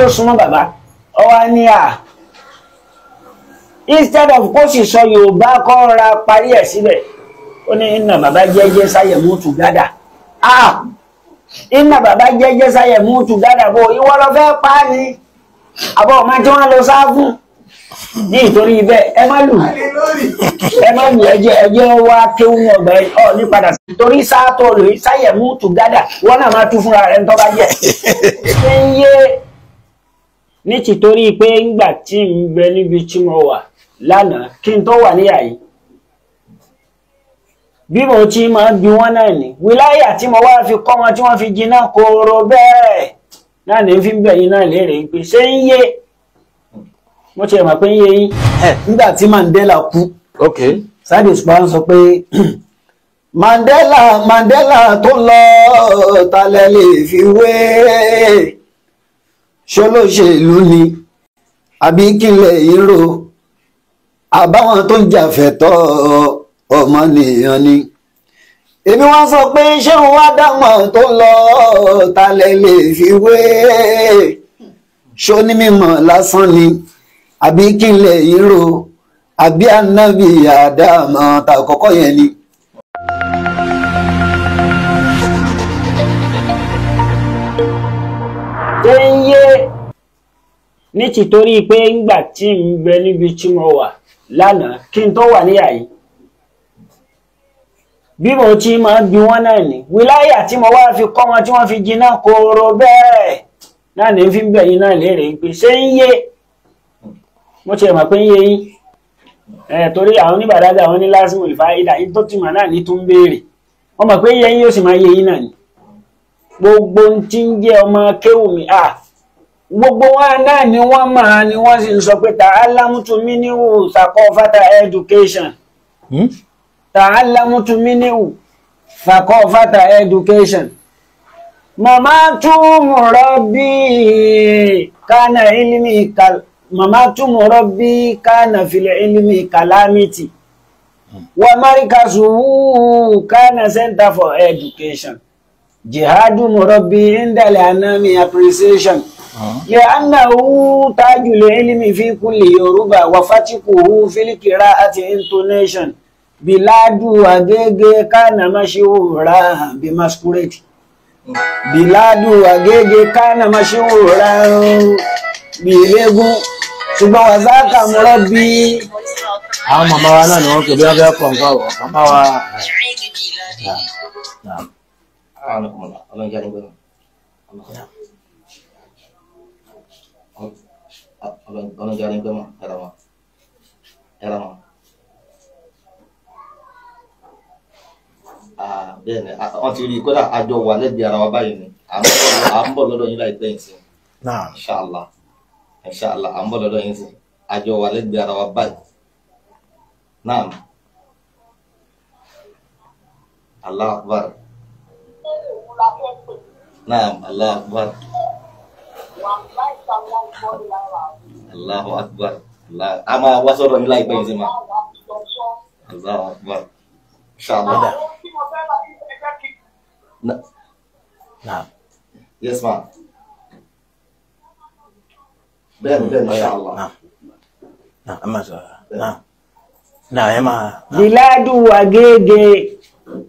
tí ó súnmọ́ bàbá ó wá à instead of kó sì sọ yorùbá kọ́ ra parí ẹ̀ síbẹ̀ ó ní iná bàbá jẹ́jẹ́ sáyẹ̀mú tù gádà ah iná bàbá jẹ́jẹ́ sáyẹ̀mú tù gádà bó ìwọ lọ fẹ́ pa á ni àbọ̀ ọ̀ma tí wọ́n lọ sáá fún ní ìtorí ibẹ̀ ẹ má lù ẹ má lù ẹjẹ ẹjẹ wá kéwú ọgbà ọ ní padà sí torí sáà tó lò sáyẹ̀mú tù gádà wọn náà má tú fúnra rẹ̀ ń tọ́ bá jẹ́ ṣé ń yé ní tìtorí pé ńgbà tí ń bẹ níbi tí mo wà lánàá kí n tó wà níyà yìí bí mo ti máa ń bi wọ́n náà ní wíláyà tí mo wá fi kọ́ wọn tí wọ́n fi jiná kóró bẹ́ẹ̀ náà ní fi ń bẹ̀yìn náà léèrè pé ṣé ń yé mo ti mọ̀ pé ń yé yín. nígbà tí Mandela kú Saheed Osupa sọ pé Mandela Mandela tó lọ talẹ lè fi wé ṣolóṣèlú ni àbí kílẹ̀ ìró àbáwọn tó ń jàfẹ́tọ̀ ọmọnìyàn ni èmi wá sọ pé ṣé òun wá dáwọn tó lọ talẹ̀ lè fi wé ṣó ní lásán ni àbí kílẹ̀ ìró àbí ànábì àdámọ̀ tàkọ́kọ́ yẹn ni. ní tìtorí pé ńgbà tí ń bẹ níbi tí mo wà lánàá kí n tó wà níyà yìí bí mo ti máa ń bi wọ́n náà ní wíláyà tí mo wá fi kọ́ wọn tí wọ́n fi jiná kóró bẹ́ẹ̀ náà ní fi ń bẹ̀ yín náà léèrè pé ṣé ń yé mo ti mọ̀ pé ń yé yín torí àwọn oníbàdájà àwọn onílásìmò ìfáyídà yín tó tìmọ̀ náà ní tó ń béèrè wọ́n mọ̀ pé ń yé yín yóò sì máa yé yín náà ní gbogbo ohun tí ń jẹ́ ọmọ kéwù mi ah gbogbo wọn náà ni wọ́n máa ni wọ́n sì ń sọ pé tààlámùtú mínírù sàkọ́fàtà education tààlámùtú mínírù sàkọ́fàtà education Mama túmọ̀ rọ́bì kana ilimi kal Mama túmọ̀ rọ́bì kana filẹ̀ ilimi kalamity hmm. wọ́n márìkà sùwúù kana center for education jihadu mọ̀rọ̀bì indale anami appreciation. لأنه تاج العلم في كل يوروبا وفتكه في القراءة intonation بلاد أجيجي كان مشهورا بمسكوريت بلاد أجيجي كان مشهورا بلغو ṣùgbọ́n wà sáàkà mọ́rọ́ bí. àwọn màmá wa náà ni wọ́n kò bí wọ́n fẹ́ kọ̀ nǹkan wọ̀ màmá wa. Nah, nah. Alhamdulillah, alhamdulillah. ọ̀nà jàre ń pẹ́ mọ́ ẹ̀rọ wọn ẹ̀rọ wọn. bẹ́ẹ̀ ni wọ́n ti rí i kódà àjọ wà lẹ́gbẹ̀ẹ́ ara wa báyìí ni à ń bọ̀ allah akbar naam allah akbar. Allahu Akbar. A máa wá sọ̀rọ̀ ní láìpẹ́ yìí sí ma. Allahu Akbar. Ṣàlọ́dà. Yes ma. Bẹ́ẹ̀ni bẹ́ẹ̀ni ṣàlọ́. Náà ẹ máa sọ̀rọ̀. Náà ẹ máa. Biladu Agége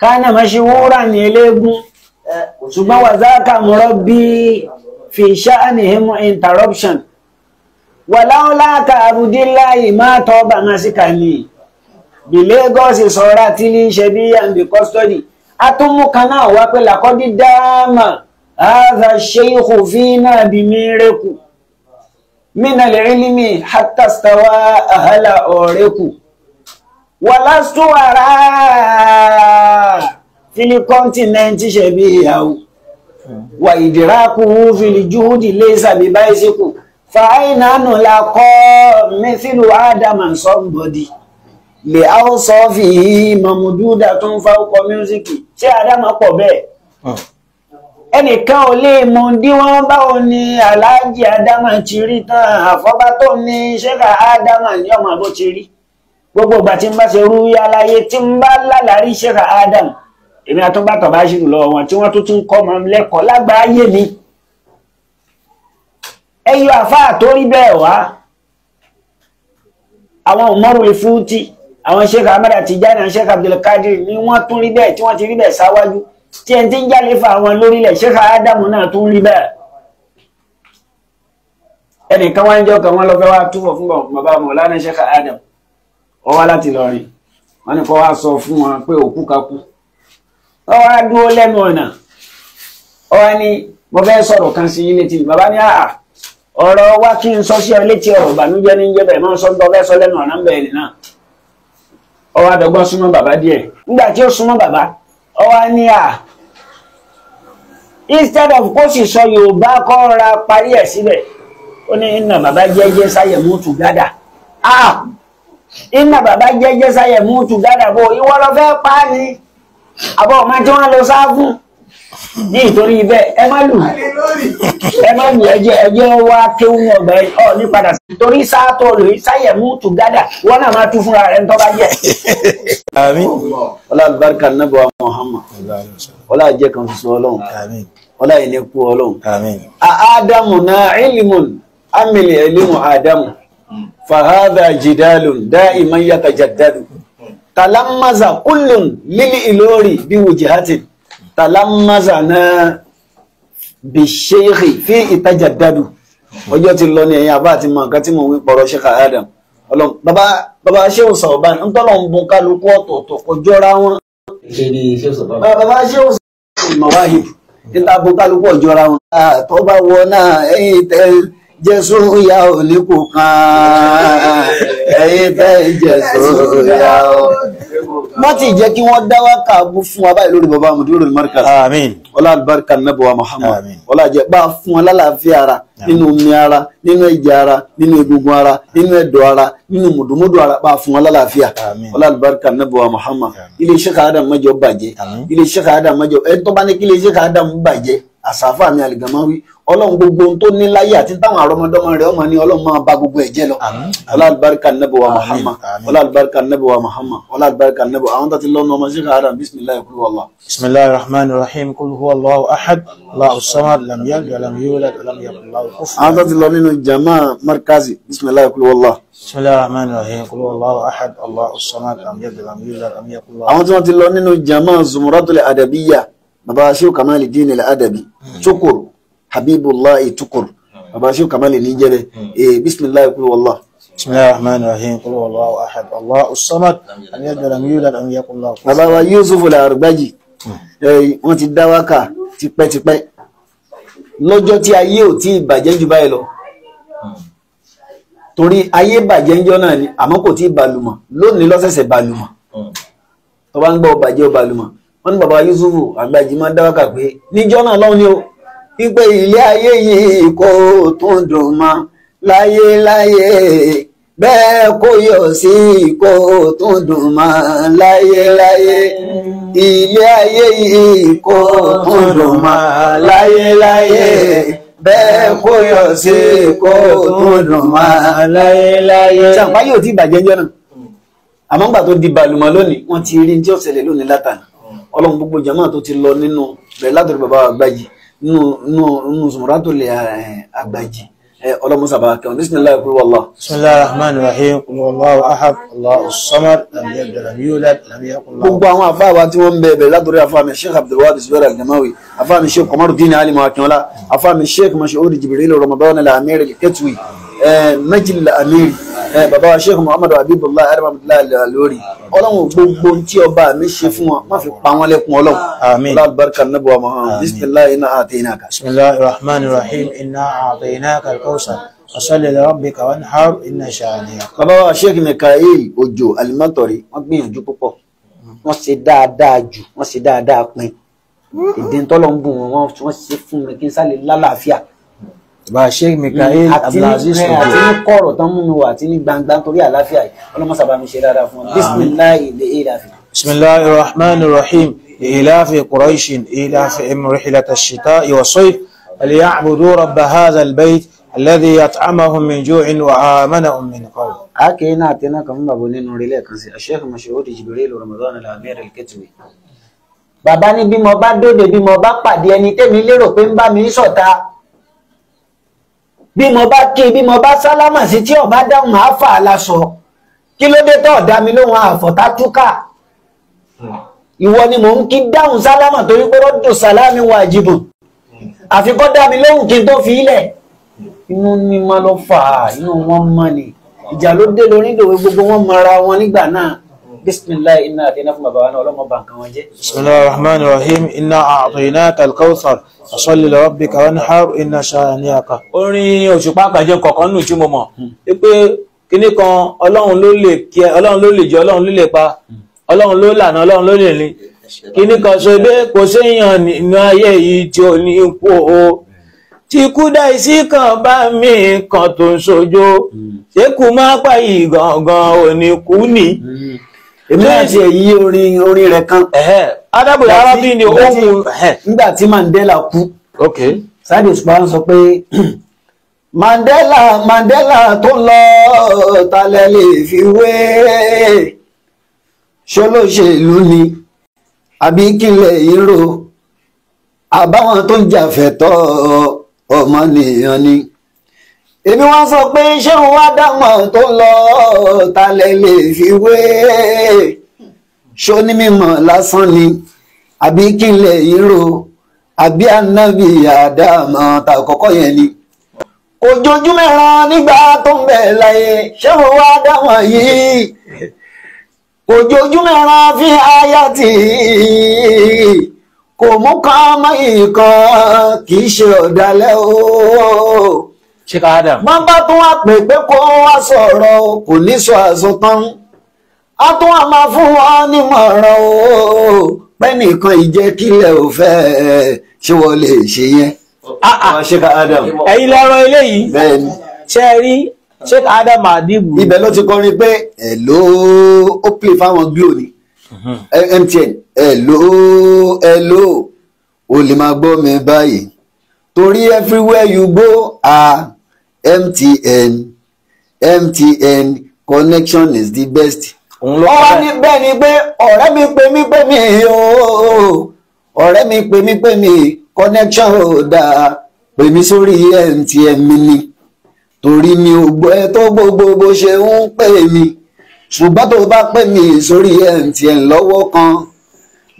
kánà máa ṣe wúrà ní eléégún eh, ṣùgbọ́n wàzákà mọ̀rọ̀ bíi fi sha'anihim interruption wàláwọlá kàbùdíláì má tọ́ bá wọn sí kàní bí Lagos sọ̀rọ̀ tí ní ṣe bí yàǹdì custody atúmùkan náà wá pé làkọ́dí dáàmà hadha shaykhu fina bí mírèkù mínà lè rí hatta stawa àhálà ọ̀rẹ́kù wàlásùwàrà fílí kọ́ńtì náà ti ṣe bí wà ìdíráàkù fìlì júhùdì léṣà bí báyìísíkù fàáyínà nù la kọ́ mẹ́fìlù ádámà sọ́mbọ̀dì lè áwòsàn fi mọ̀mùdúdà tó ń fáwọ́kọ mísíkì ṣé ádámà pọ̀ bẹ́ẹ̀ ah. ẹnìkan ò lè mọ bí wọ́n báwo ni aláàjì ádámà ti rí tán àfọ́bá tó ní ṣẹ́ka ádámà ní ọmọ àbó ti rí gbogbo ìgbà tí n bá ṣe rú yá láyé tí n bá lálàrí ṣẹ́ka ádámà èmi àtúngbàtọ̀ bá ṣì lọ wọn tí wọ́n tó tún kọ́ ọmọ lẹ́kọ̀ọ́ lágbàáyé ni ẹyọ àfáà tó rí bẹ́ẹ̀ wá àwọn Umarul Futi àwọn Sheikh Ahmad Tijani Sheikh Abdul Qadir ni wọ́n tún rí bẹ́ẹ̀ tí wọ́n ti rí bẹ́ẹ̀ sáwájú tí ẹni tí ń jáde fa àwọn lórílẹ̀ Sheikh Ádámù náà tún rí bẹ́ẹ̀ ẹnìkan wá ń jẹ́ ọkàn wọn lọ fẹ́ wá túbọ̀ fún bàbá Mawlana Sheikh Ádámù ó wá láti Ìlọrin wọ́n ní kó wá sọ fún wọn pé òkú kakú wọ́n wá dúró lẹ́nu ọ̀nà wọ́n wá ní mo fẹ́ sọ̀rọ̀ kan sí yín létí bàbá ní àà ọ̀rọ̀ wá kí n sọ sí ọ létí ọ̀rọ̀ ìbànújẹ́ ní jẹ́ bẹ̀rẹ̀ máa sọ ń tọ́ fẹ́ sọ lẹ́nu ọ̀nà ń bẹ̀rẹ̀ náà ó wá dọ́gbọ́n súnmọ́ bàbá nígbà tí ó súnmọ́ bàbá ó wá ní instead of kó sì sọ yorùbá kọ́ ra parí ẹ̀ síbẹ̀ ó ní iná bàbá jẹ́jẹ́ sáyẹ̀ mútu gádà ah iná baba jẹ́jẹ́ sáyẹ̀ mútu gádà bó ìwọ lọ fẹ́ pa ni àbọ̀ ọmọ tí wọ́n lọ sáfù ní ìtorí bẹ́ẹ̀ ẹ má lù ẹ má lù ẹjẹ ẹjẹ wá kéwù ọgbà ọ ní padà sí torí sáàtọ̀ lò sáyẹ̀mú tù gádà wọn náà máa tú fúnra rẹ̀ ń tọ́ba jẹ́. àmín. ọlá alibarika nàbọ Muhammad ọlá jẹ kan soso Ọlọ́run ọlá yìí ní kú Ọlọ́run. àádámù náà ìlímùn amìlì ìlímù àádámù fàhádà jìdálùn dá ìmọ̀ yàtọ̀ jàdádùn talamaza kullun lili ilori bi wujihatin talamaza na bi sheikhi fi itajaddadu ọjọ́ ti lọ ní ẹ̀yìn àbá àti mọ nǹkan tí mo wí pọ̀rọ̀ sheikh adam ọlọ́run baba baba sheikh sọ̀bán ń tọ́lọ̀ ń bun kálukú ọ̀tọ̀ọ̀tọ̀ kọjọ́ra wọn. baba sheikh sọ̀bán mawahib ń ta bun kálukú ọ̀jọ́ra wọn. àtọ́ bá wọ náà Jesu ya ò ní kò kan ẹ̀yin tẹ́ Jésù ya ò. Má ti jẹ́ kí wọ́n dá wákà bú fún wa báyìí lórí bàbá Amadu lórí Markaz. Ọlá àlùbáríkà nàbẹ̀ wa Muhammad. Àmín. Ọlá jẹ́ bá a fún wa lálàáfíà ara nínú omi ara nínú ẹ̀jẹ̀ ara nínú egungun ara nínú ẹ̀dọ̀ ara nínú mùdùmùdù ara bá a fún wa lálàáfíà. Ọlá àlùbáríkà nàbẹ̀ wa Muhammad. Ilé iṣẹ́ ka Adam mẹ́jọ bàjẹ́. Àmín. Ilé iṣẹ́ ka mẹ́jọ ẹ̀ tó bá ní kí ilé iṣẹ́ ka Adam bàjẹ́ àsàfà mi àlìgàmáwí ọlọ́run gbogbo ohun tó ní láyé àti táwọn àrọmọdọ́mọ rẹ̀ ọmọ ní ọlọ́run máa bà gbogbo ẹ̀ jẹ́ lọ. ọlọ́àlùbáríkà nẹ́bù wa Muhammad ọlọ́àlùbáríkà nẹ́bù wa Muhammad ọlọ́àlùbáríkà nẹ́bù àwọn tó ti lọ́nu ọmọ ṣe káàdà bisimilayi kúrú wàllá. bisimilayi rahman rahim kul huwa allahu ahad allahu samad lam yalid wa lam wa lam àwọn tó ti lọ nínú jama markazi bisimilayi kúrú wàllá. bisimilayi rahman rahim kul huwa allahu ahad allahu samad lam habibullah itukur baba ṣe kàmá hmm. lè ní eh, jẹrẹ bisimilayi kúrò wàllá. bisimilayi rahman rahim kúrò wàllá ahad allah usamad ani abdulham yulad ani yakunla. baba wa yusuf al-arbaji hmm. eh, wọn ti dá wákà tipẹ́tipẹ́ lọ́jọ́ tí ayé ò tí ì bàjẹ́ jù báyìí lọ hmm. torí ayé bàjẹ́ ń jọ́ náà ni àmọ́ kò tí ì balùmọ̀ lónìí lọ́sẹ̀sẹ̀ balùmọ̀ tó bá ń gbọ́ bàjẹ́ ò balùmọ̀ wọ́n ní bàbá Yusufu àgbàjì máa ń dá wákà pé níjọ́ ni o wípé ilé ayé yìí kò tún dùn mọ́ láyéláyé bẹ́ẹ̀ kó yọ̀ sí kò tún dùn mọ́ láyéláyé ilé ayé yìí kò tún dùn mọ́ láyéláyé bẹ́ẹ̀ kó yọ̀ sí kò tún dùn mọ́ láyéláyé. sàǹpá yóò ti bàjẹ́ jọ́nà àmọ́ ńgbà tó di balùmọ̀ lónìí wọ́n ti rí ní tí ó ṣẹlẹ̀ lónìí látàn ọlọ́run gbogbo jàmáà tó ti lọ nínú rẹ̀ látọ̀rọ̀ bàbá àgbáyìí nínú sùmùràtò lè eh, àgbàjì eh, ọlọ́mùsàbà kẹwọn bismillahir rahmanir rahim bismillahir rahmanir rahim wallahu ahad allahus samad lam yalid walam yulad lam yakun lahu gbogbo àwọn àfáàwà tí wọ́n ń bẹ̀ẹ̀bẹ̀ látòrí àfáàmì sheikh abdulwadi zubair al-gamawi àfáàmì sheikh kọmarudin ali mawakinola àfáàmì sheikh mashoori jibril ramadan al-amir al najil amiri bàbá wa sheikh muhammadu abibullah aramabdullahi alori ọlọ́run gbogbo tí ọba mi ṣe fún wọn má fi pa wọn lẹ́kùn ọlọ́run àmín ọlọ́run barika nabu wa muhammad bisimilahi inna a'tainaka. bisimilahi rahman rahim inna a'tainaka al-kawsar wasalli rabbika wanhar inna sha'aniya. bàbá wa sheikh mikael ojo alimatori wọn gbìyànjú púpọ̀ wọn ṣe dáadáa jù wọn ṣe dáadáa pin ìdíntọ́lọ́ ń bù wọn wọn ṣe fún mi kí n sálẹ̀ lálàáfíà bá sheikh mikael abdulaziz ọgbẹ eh, àti ní kọ̀rọ̀ tán múnú àti ní gbangba nítorí àlàáfíà yìí ọlọmọsà bá mi ṣe dáadáa fún ọ bisimilahi ilé ìlàfi. bisimilahi rahman rahim ilafi quraishin ilafi imrihilata shita iwasoif aliyabudu rabba hadha albayt alladhi yat'amahum min ju'in wa amanahum min qawl. a kì í náà tẹ́ná kan fún bàbá onínú orílẹ̀ kan sí sheikh mashood jibril ramadan al-amir al-kitwi bàbá ní bí mo bá dóde bí mo bá pàdé ẹni tẹ́mi lérò pé ń bá mi sọ̀ta bí mo bá kí bí mo bá sálámà sí tí ọba dáhùn máa fà á láṣọ kí ló dé tó ọ̀dà mi lóhun àfọ̀tátúkà ìwọ ni mò ń kí dáhùn sálámà torí pé rọ́dùn sálámì wà jìbò àfi kọ́ dá mi lóhùn kí n tó fi ilẹ̀ inú mi máa lọ fà á inú wọn mọ ni ìjà ló dé lórí ìdòwe gbogbo wọn mara wọn nígbà náà bisimilayi iná àti iná náà ọlọ́mọba nǹkan wọn jẹ́. bisimilayi rahman rahim iná àtọ̀yìnà kalkausar fàṣọ́lì lọ́wọ́ bí kàwọn ní haru iná ṣáà ní aka. orin òṣùpá àpàjẹ kọ̀ọ̀kan nù tí mo mọ̀ pé kinní kan ọlọ́run ló lè jẹ ọlọ́run ló lè pa ọlọ́run ló lànà ọlọ́run ló lè rìn kinní kan ṣe bẹ́ẹ̀ kò séèyàn nínú ayé yìí tí ò ní kú o tí kú dá isí kan bá mi kan tó ń sojo ṣé kú má pa yìí gangan ò ní kú ni. Hmm. èmi àti èyí orin orin kan adábòye arábí ni ohun nígbà tí Mandela kú Saheed Òṣùpá ń sọ pé Mandela Mandela tó lọ talẹ̀ lè fi wé ṣolóṣèlú ni àbí kílẹ̀ yìí rò àbáwọn tó ń jàfẹ́tọ̀ ọmọnìyàn ni èmi wá sọ pé ṣé wọn wá dáhùn tó lọ talẹ̀ lè fi wé ṣó ní mímọ̀ lásán ni àbí kí n lè yí ro àbí ànábì àdámọ̀ ta kọ́kọ́ yẹn ni. ojoojúmọ́ ẹran nígbà tó ń bẹ̀ láyé ṣé mo wá dáwọn yìí ojoojúmọ́ ẹran fi aya tì í kò mú kán mọ́ ìkan kì í ṣe ọ̀dàlẹ̀ o. ṣé ká dà. wọ́n bá tún wá pè kó wá sọ̀rọ̀ kò ní sọ àsọtán. So a tún wà máa fún wọn nímọ̀ràn o pẹ́ nìkan ìjẹ́kílẹ̀ ò fẹ́ ṣé wọ́n lè ṣe yẹn. Ah, ah. ẹ̀yin lọ́rọ̀ eléyìí ṣe rí Sheikh Adam Adibu. ibẹ̀ ló ti kọrin pé ẹ̀ ló ó pè fáwọn glo ni MTN ẹ̀ ló ẹ̀ ló o lè máa gbọ́ mi báyìí torí everywhere you go ah MTN MTN connection is the best òun ló wá ní bẹ́ẹ̀ ni pé ọ̀rẹ́ mi pè mí pè mí o ọ̀rẹ́ mi pè mí pè mí connection ò dáa pè mí sórí MTN mi ni torí mi ò gbọ́ ẹ tó gbogbo bó ṣe ń pè mí ṣùgbọ́n tó bá pè mí sórí MTN lọ́wọ́ kan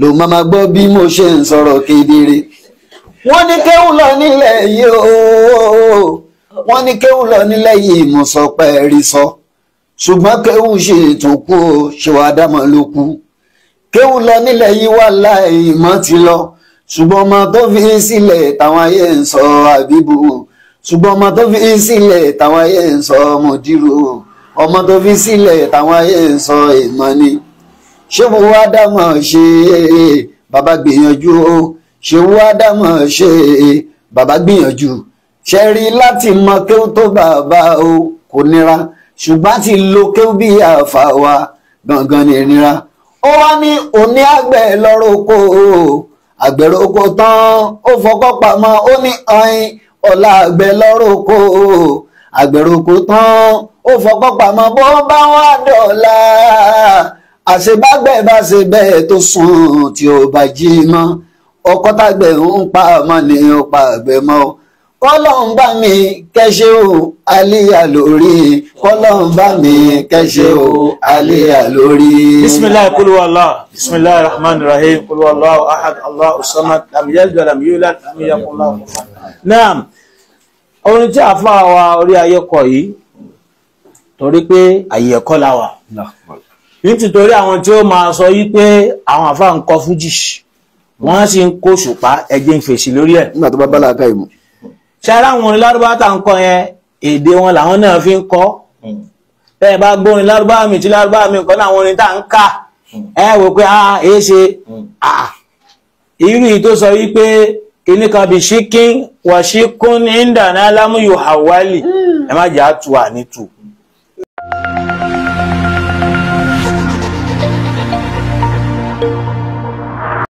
ló máa ma gbọ́ bí mo ṣe ń sọ̀rọ̀ kedere wọ́n ní kéwù lọ nílẹ̀ yìí o wọ́n ní kéwù lọ nílẹ̀ yìí mo rí sọ. So ṣùgbọ́n kéwù ṣe tún kú o ṣèwádàmọ́ ló kú kéwù lọ nílẹ̀ yìí wà láì mọ́ ti lọ ṣùgbọ́n ọmọ tó fi ń sílẹ̀ táwọn ayé ń sọ àbíbù ṣùgbọ́n ọmọ tó fi ń sílẹ̀ táwọn ayé ń sọ mọ̀dírò ọmọ tó fi sílẹ̀ táwọn ayé ń sọ èèmọ̀ ni ṣé wo wá dámọ̀ ṣe bàbá gbìyànjú o ṣé wo wá dámọ̀ ṣe bàbá gbìyànjú ṣe rí láti mọ kéwù tó bàbá o kò nira ṣùgbọ́n ti lo kébí àfà wa gangan ní ìnira ó wá ní òní àgbẹ̀ lọ́rọ̀ oko àgbẹ̀rẹ̀ oko tán ó fọkọ́ pamọ́ ó ní ọ̀yin ọ̀la àgbẹ̀ lọ́rọ̀ oko àgbẹ̀rẹ̀ oko tán ó fọkọ́ pamọ́ bó bá wà dọ̀la àṣebágbẹ̀ bá ṣe bẹ́ẹ̀ tó sùn tí ó bá jí mọ́ ọkọ́ tàgbẹ̀ ń pa àmọ́ ni ó pa àgbẹ̀ mọ́ ọ́ kọ́lọ́n bá mi kẹ́ṣe o àlíyà lórí kọ́lọ́n bá mi kẹ́ṣe o àlíyà lórí. bisimilayi kulubala bisimilayi rahman rahim kulubala ahad allah usama amiyadu alamiyula amiyakula. naam orin tí a fún àwa orí ayé kọ yìí torí pé àyè ẹ̀kọ́ la wà nítorí àwọn tí ó máa sọ yí pé àwọn àfa ń kọ fújì wọ́n sì ń kó ṣùpá ẹ̀jẹ̀ ń lórí ẹ̀. nígbà tó bá bá làákà yìí mu ṣáárá àwọn orin lárúbá tá ń kọ yẹn èdè wọn làwọn náà fi ń kọ hmm. tẹ́ ẹ bá gbórin lárúbá mi tí lárúbá mi kọ́ láwọn orin tá ń kà hmm. ẹ wò pé a ah, èé ṣe hmm. ah, ah. irú tó sọ wípé kíní kan bí ṣíkín wàṣíkún ní ìdáná lámúyò àwálì ẹ má jẹ́ àtúwà nítù